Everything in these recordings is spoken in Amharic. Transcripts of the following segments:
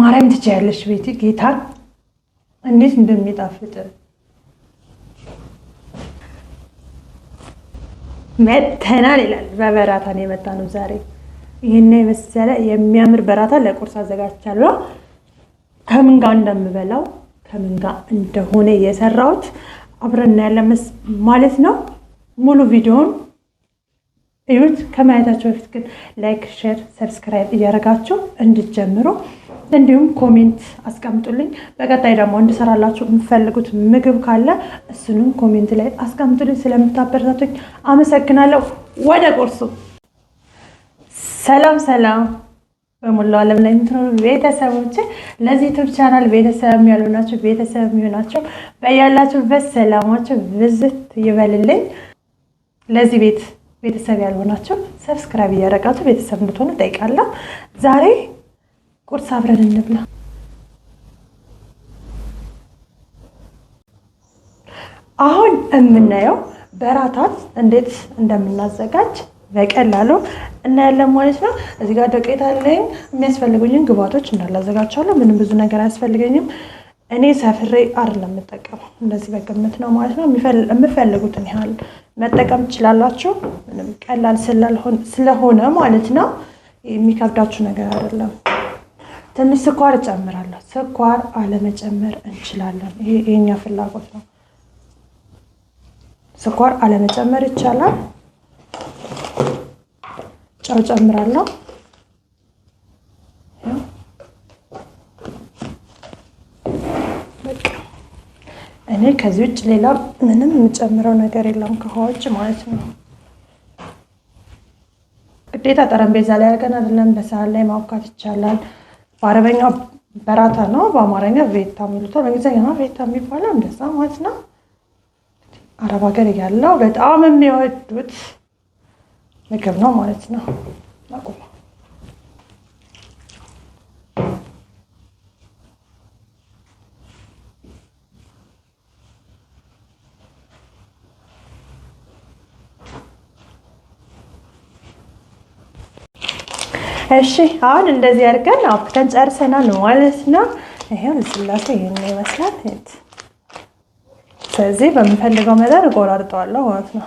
ማርያም ትችያለሽ ቤት ጌታ እንዴት እንደሚጣፍጥ መተናል ይላል። በበራታ ነው የመጣ ነው ዛሬ። ይህን የመሰለ የሚያምር በራታ ለቁርስ አዘጋጅቻለሁ። ከምን ጋር እንደምበላው ከምን ጋር እንደሆነ የሰራሁት አብረን ያለን ማለት ነው። ሙሉ ቪዲዮውን እዩት። ከማየታቸው በፊት ግን ላይክ፣ ሼር፣ ሰብስክራይብ እያደረጋችሁ እንድትጀምሩ እንዲሁም ኮሜንት አስቀምጡልኝ። በቀጣይ ደግሞ እንድሰራላችሁ የምፈልጉት ምግብ ካለ እሱንም ኮሜንት ላይ አስቀምጡልኝ። ስለምታበረታቶች አመሰግናለሁ። ወደ ቁርሱ። ሰላም ሰላም በሙሉ ዓለም ላይ የምትኖሩ ቤተሰቦች ለዚህ ዩቱብ ቻናል ቤተሰብ የሚያሉ ናቸው። ቤተሰብ የሚሆናቸው በያላችሁበት ሰላማቸው ብዝት ይበልልኝ። ለዚህ ቤት ቤተሰብ ያልሆናቸው ሰብስክራይብ እያደረጋችሁ ቤተሰብ እንድትሆኑ ጠይቃለሁ ዛሬ ቁርስ አብረን እንብላ። አሁን የምናየው በራታት እንዴት እንደምናዘጋጅ በቀላሉ እናያለን ማለት ነው። እዚህ ጋር ዱቄት አለኝ። የሚያስፈልጉኝን ግብአቶች እንዳላዘጋቸዋለሁ። ምንም ብዙ ነገር አያስፈልገኝም። እኔ ሰፍሬ አር ለምጠቀም እንደዚህ በግምት ነው ማለት ነው። የምፈልጉትን ያህል መጠቀም ትችላላችሁ። ምንም ቀላል ስለሆነ ማለት ነው። የሚከብዳችሁ ነገር አይደለም። ትንሽ ስኳር እጨምራለሁ። ስኳር አለመጨመር እንችላለን። ይሄ የኛ ፍላጎት ነው። ስኳር አለመጨመር ይቻላል። ጨው ጨምራለሁ። እኔ ከዚህ ውጭ ሌላ ምንም የምጨምረው ነገር የለም ከውሃ ውጭ ማለት ነው። ግዴታ ጠረጴዛ ላይ አድርገን አይደለም በሳህን ላይ ማውካት ይቻላል። በአረበኛ በራታ ነው፣ በአማርኛ ቬታ የሚሉታል፣ በእንግሊዝኛ ቬታ የሚባለው እንደዛ ማለት ነው። አረብ ሀገር እያለሁ በጣም የሚወዱት ምግብ ነው ማለት ነው። እሺ አሁን እንደዚህ አድርገን አብክተን ጨርሰናል ማለት ነው። ይሄው ልስላሴ ይሄን ይመስላል። ስለዚህ በምፈልገው መጠን እቆራርጠዋለሁ ማለት ነው።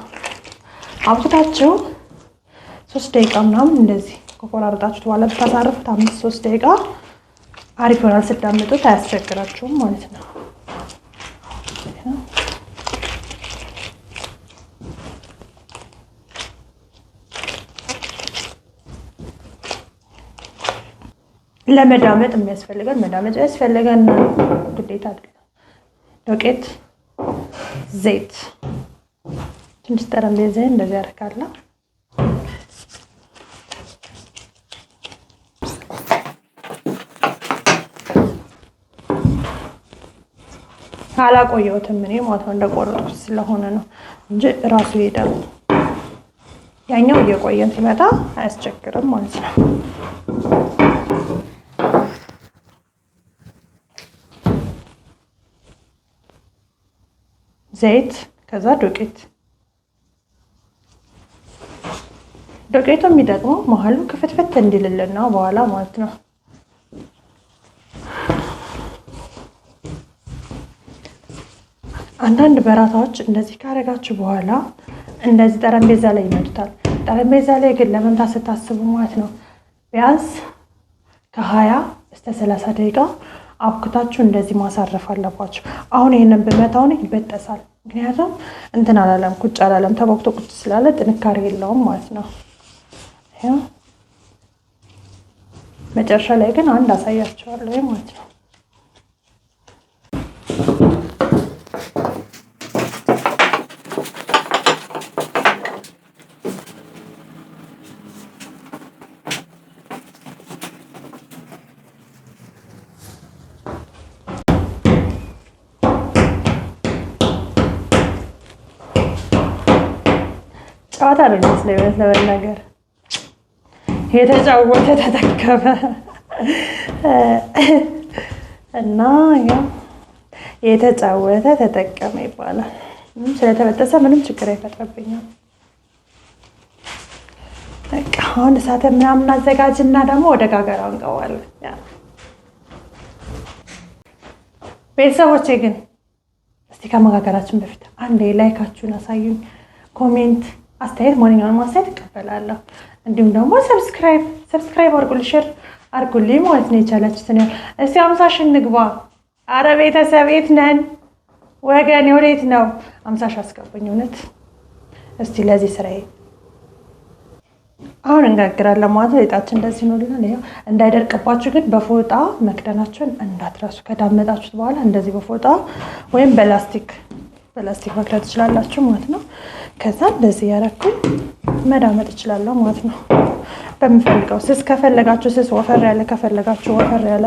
አብኩታችሁ ሶስት ደቂቃ ምናምን እንደዚህ ከቆራርጣችሁት በኋላ ብታሳርፉት አምስት ሶስት ደቂቃ አሪፍ ሆናል። ስዳምጡት አያስቸግራችሁም ማለት ነው። ለመዳመጥ የሚያስፈልገን መዳመጥ ያስፈልገን ግዴታ አይደለም። ዶቄት፣ ዘይት ትንሽ ጠረጴዛ እንደዚህ ያደርጋለሁ። አላቆየሁትም እኔ ማታ እንደቆረጥኩት ስለሆነ ነው እንጂ እራሱ ይሄዳል። ያኛው እየቆየን ሲመጣ አያስቸግርም ማለት ነው። ዘይት ከዛ ዱቄት። ዱቄቱ የሚጠቅመው መሀሉ ክፍትፍት እንዲልልን ነው በኋላ ማለት ነው። አንዳንድ በራታዎች እንደዚህ ካረጋችሁ በኋላ እንደዚህ ጠረጴዛ ላይ ይመጡታል። ጠረጴዛ ላይ ግን ለመምታት ስታስቡ ማለት ነው ቢያንስ ከሀያ እስከ ሰላሳ ደቂቃ አብኩታችሁ እንደዚህ ማሳረፍ አለባችሁ። አሁን ይህንን ብመታው ይበጠሳል። ምክንያቱም እንትን አላለም ቁጭ አላለም ተቦክቶ ቁጭ ስላለ ጥንካሬ የለውም ማለት ነው። መጨረሻ ላይ ግን አንድ አሳያቸዋለሁ ማለት ነው። ጨዋታ ነው የሚመስለው የሆነት ለመናገር የተጫወተ ተጠቀመ እና የተጫወተ ተጠቀመ ይባላል። ስለተበጠሰ ምንም ችግር አይፈጥርብኛል። በቃ አሁን እሳተ ምናምን አዘጋጅና ደግሞ ወደ ጋገራው እንገባለን። ቤተሰቦቼ ግን እስቲ ከመጋገራችን በፊት አንዴ ላይካችሁን አሳዩኝ፣ ኮሜንት አስተያየት ማንኛውንም አስተያየት እቀበላለሁ። እንዲሁም ደግሞ ሰብስክራይብ ሰብስክራይብ አድርጉልኝ፣ ሼር አድርጉልኝ ማለት ነው። የቻላችሁትን ያህል እስቲ አምሳ ሺህ እንግባ። አረ ቤተሰብ የት ነን ወገን? ወዴት ነው? አምሳ ሺህ አስገቡኝ። እውነት እስቲ ለዚህ ስራዬ አሁን እንጋግራለን ማለት ሌጣችን ሊጣችን እንደዚህ ይኖርናል። ይኸው እንዳይደርቅባችሁ ግን በፎጣ መክደናችሁን እንዳትረሱ። ከዳመጣችሁት በኋላ እንደዚህ በፎጣ ወይም በላስቲክ በላስቲክ መክደን ትችላላችሁ ማለት ነው። ከዛ እንደዚህ ያረኩኝ መዳመጥ እችላለሁ ማለት ነው። በምፈልገው ስስ ከፈለጋችሁ ስስ፣ ወፈር ያለ ከፈለጋችሁ ወፈር ያለ፣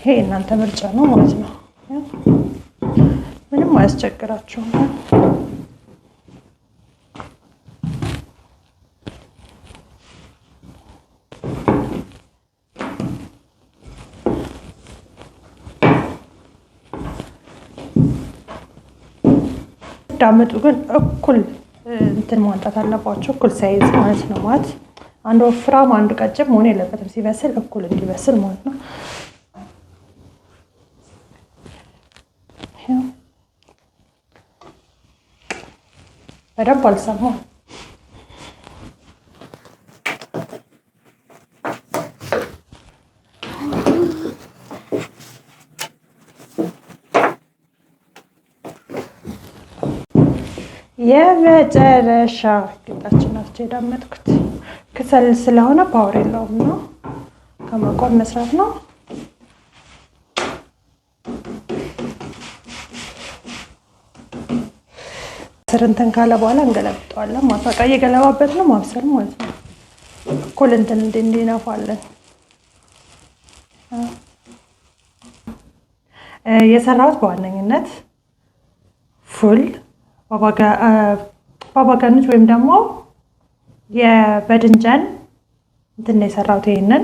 ይሄ እናንተ ምርጫ ነው ማለት ነው። ምንም አያስቸግራችሁም። ዳመጡ ግን እኩል እንትን ማንጣት አለባቸው፣ እኩል ሳይዝ ማለት ነው። ማለት አንድ ወፍራም አንዱ ቀጭም መሆን የለበትም። ሲበስል እኩል እንዲበስል ማለት ነው። በደንብ አልሰማሁም። የመጨረሻ ጌጣችን ናቸው የዳመጥኩት። ክሰል ስለሆነ ፓወር የለውም ነው ከማቆም መስራት ነው። ስር እንትን ካለ በኋላ እንገለብጠዋለን። ማሳቃ እየገለባበት ነው ማብሰል ማለት ነው። እኩል እንትን እንዲነፋለን። የሰራሁት በዋነኝነት ፉል ባባጋኖች ወይም ደግሞ የበድንጀን እንትን የሰራሁት ይሄንን።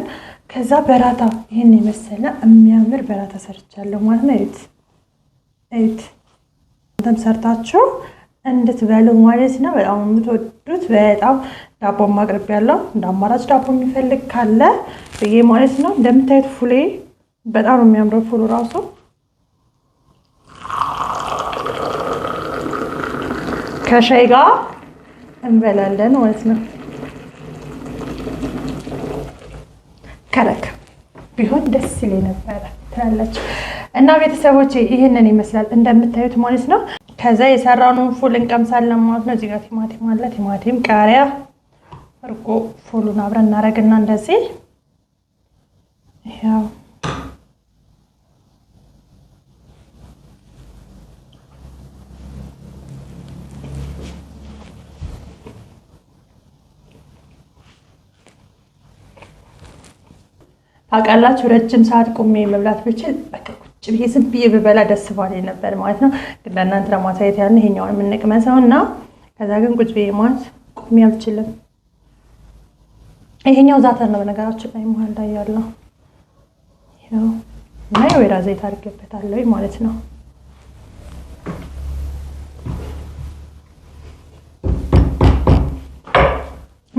ከዛ በራታ ይህን የመሰለ የሚያምር በራታ ሰርቻለሁ ማለት ነው። እዩት እዩት፣ እንትን ሰርታችሁ እንድትበሉ ማለት ነው። በጣም የምትወዱት በጣም ዳቦ ማቅረብ ያለው እንደ አማራጭ ዳቦ የሚፈልግ ካለ ብዬ ማለት ነው። እንደምታዩት ፉሌ በጣም ነው የሚያምረው ፉሉ ራሱ ከሻይ ጋር እንበላለን ማለት ነው። ከረክ ቢሆን ደስ ይል ነበረ ትላላችሁ። እና ቤተሰቦች ይህንን ይመስላል እንደምታዩት ማለት ነው። ከዛ የሰራነውን ፉል እንቀምሳለን ማለት ነው። እዚጋ ቲማቲም አለ። ቲማቲም፣ ቃሪያ፣ እርጎ ፉሉን አብረን እናደርግና እንደዚህ ያው ታውቃላችሁ ረጅም ሰዓት ቁሜ መብላት ብችል ቁጭ ብዬ ዝም ብዬ ብበላ ደስ ባለኝ ነበር ማለት ነው። ግን ለእናንተ ለማሳየት ያለ ይሄኛውን የምንቅመሰው እና ከዛ ግን ቁጭ ብዬ ማለት ቆሜ አልችልም። ይሄኛው ዛተር ነው በነገራችን ላይ መሀል ላይ ያለው እና የወይራ ዘይት አድርጌበታለሁ ማለት ነው።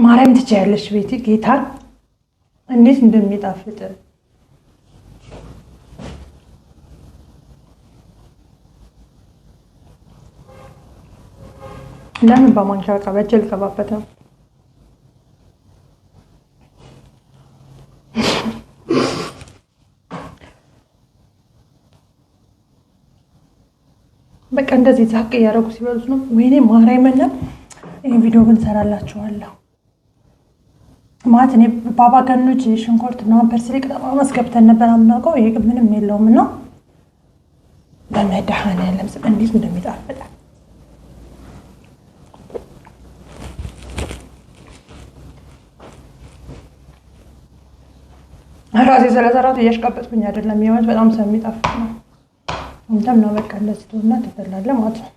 ማርያም ትችያለሽ ቤቲ ጌታን እንዴት እንደሚጣፍጥ ለምን በማንኪያ በቃ በእጅ ልቀባበታል። በቃ እንደዚህ ዛቅ እያደረጉ ሲበሉት ነው። ወይኔ ማርያምን ይህን ቪዲዮ ግን ሰራላችኋለሁ። ማለት እኔ በአባገኖች ሽንኩርት ምናምን ፐርስሊ ቅጠማ ማስገብተን ነበር አምናውቀው ይህ ምንም የለውም እና በመድኃኔዓለም ስም እንዴት እንደሚጣፍጥ ራሴ ስለሰራት እያሽቃበጥኩኝ አይደለም። የሆነች በጣም ስለሚጣፍጥ ነው። እንተም ነው በቃ እንደዚህ ትሆና ትበላለህ ማለት ነው።